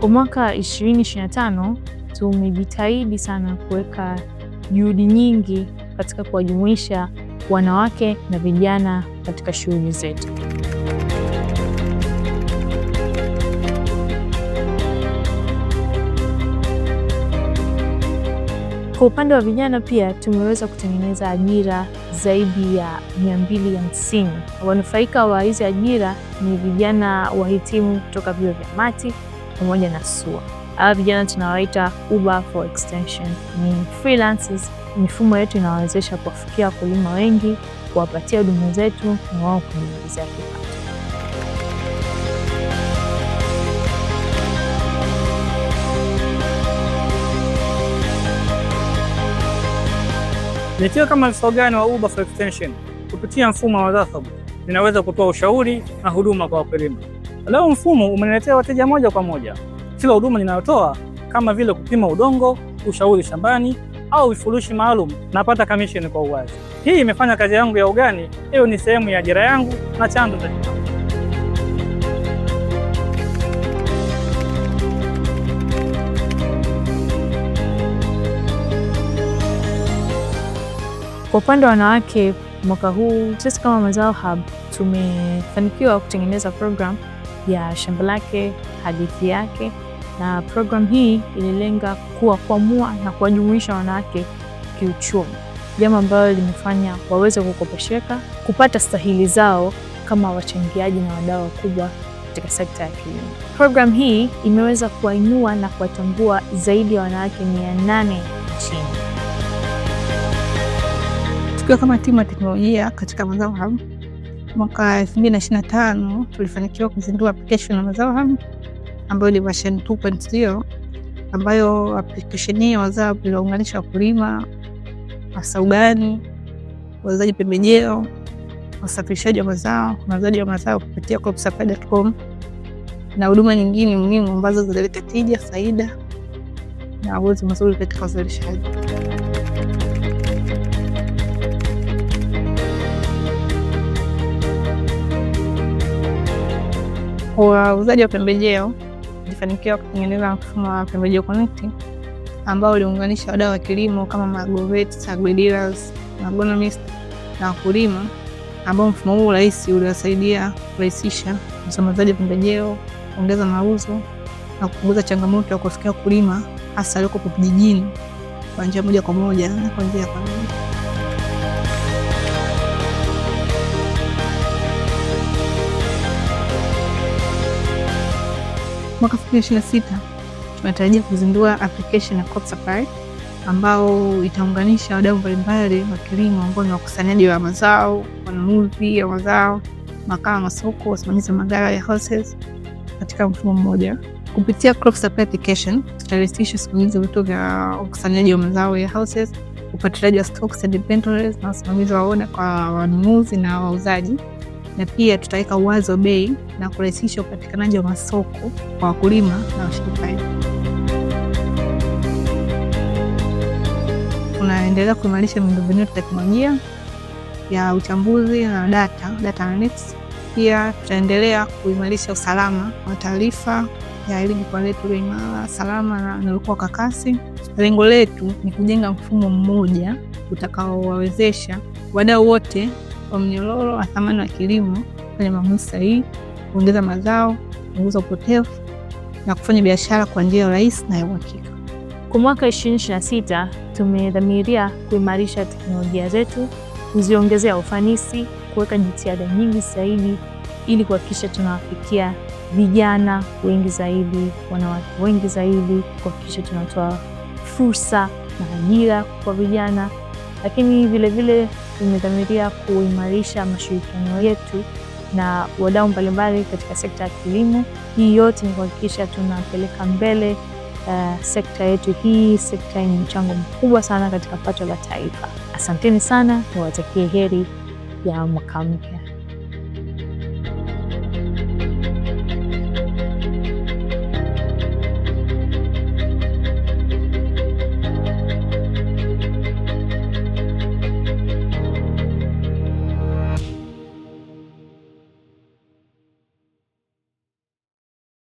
Kwa mwaka 2025 tumejitahidi sana kuweka juhudi nyingi katika kuwajumuisha wanawake na vijana katika shughuli zetu. Kwa upande wa vijana pia tumeweza kutengeneza ajira zaidi ya 250. Wanufaika wa hizi ajira ni vijana wahitimu kutoka vyuo vya MATI pamoja na SUA. Hawa vijana tunawaita Uber for Extension, ni freelancers. Mifumo yetu inawawezesha kuwafikia wakulima wengi, kuwapatia huduma zetu na wao kujiingizia kipato. Nikiwa kama afisa ugani wa Uber for Extension, kupitia mfumo wa Zathab ninaweza kutoa ushauri na huduma kwa wakulima. Leo mfumo umeniletea wateja moja kwa moja. Kila huduma ninayotoa kama vile kupima udongo, ushauri shambani au vifurushi maalum, napata kamisheni kwa uwazi. Hii imefanya kazi yangu ya ugani hiyo ni sehemu ya ajira yangu na chanzo cha kipato. Kwa upande wa wanawake, mwaka huu sisi kama Mazao Hub tumefanikiwa kutengeneza program ya Shamba Lake Hadithi Yake, na program hii ililenga kuwakwamua na kuwajumuisha wanawake kiuchumi, jambo ambalo limefanya waweze kukopesheka kupata stahili zao kama wachangiaji na wadau wakubwa katika sekta ya kilimo. Program hii imeweza kuwainua na kuwatambua zaidi ya wanawake mia nane nchini. Tukiwa kama timu ya teknolojia katika Mazao ham mwaka elfu mbili na na tano tulifanikiwa kuzindua application ya Mazao ham ambayo ni version 2.0 ambayo application hii ya Mazao iliwaunganisha wakulima, wasaugani wauzaji pembejeo, wasafirishaji wa mazao na wa mazao kupitia CropSupplier.com na huduma nyingine muhimu ambazo zilileta tija, faida na uwezo mzuri katika uzalishaji. Wauzaji wa pembejeo walifanikiwa kutengeneza mfumo wa Pembejeo Connect ambao uliunganisha wadau wa kilimo kama Magovet, agridealers, Agronomist na wakulima, ambao mfumo huu rahisi uliwasaidia kurahisisha usambazaji wa pembejeo, kuongeza mauzo na kupunguza changamoto ya kufikia wakulima hasa walioko vijijini kwa njia moja kwa moja na kwa njia ya kawaida. mwaka 2026 tunatarajia kuzindua application ya crop supply ambao itaunganisha wadau mbalimbali wa kilimo ambao ni wakusanyaji wa mazao, wanunuzi wa mazao, makao masoko, wasimamizi wa magara ya houses katika mfumo mmoja. Kupitia crop supply application tutarahisisha usimamizi wa vituo vya ukusanyaji wa mazao ya houses, ufuatiliaji wa stocks and inventories na usimamizi wa oda kwa wanunuzi na wauzaji na pia tutaweka uwazi wa bei na kurahisisha upatikanaji wa masoko kwa wakulima na washirikaji. Tunaendelea kuimarisha miundombinu ya teknolojia ya uchambuzi na data, data analytics. Pia tutaendelea kuimarisha usalama wa taarifa ya elimu kwa letu imara, salama na linalokuwa kwa kasi. Lengo letu ni kujenga mfumo mmoja utakaowawezesha wadau wote wa mnyororo wa thamani wa kilimo, kufanya maamuzi sahihi, kuongeza mazao, kupunguza upotevu na kufanya biashara kwa njia ya rahisi na ya uhakika. Kwa mwaka 2026 tumedhamiria kuimarisha teknolojia zetu, kuziongezea ufanisi, kuweka jitihada nyingi zaidi ili kuhakikisha tunawafikia vijana wengi zaidi, wanawake wengi zaidi, kuhakikisha tunatoa fursa na ajira kwa vijana, lakini vilevile tumedhamiria kuimarisha mashirikiano yetu na wadau mbalimbali katika sekta ya kilimo. Hii yote ni kuhakikisha tunapeleka mbele uh, sekta yetu hii, sekta yenye mchango mkubwa sana katika pato la taifa. Asanteni sana, niwatakie heri ya mwaka mpya.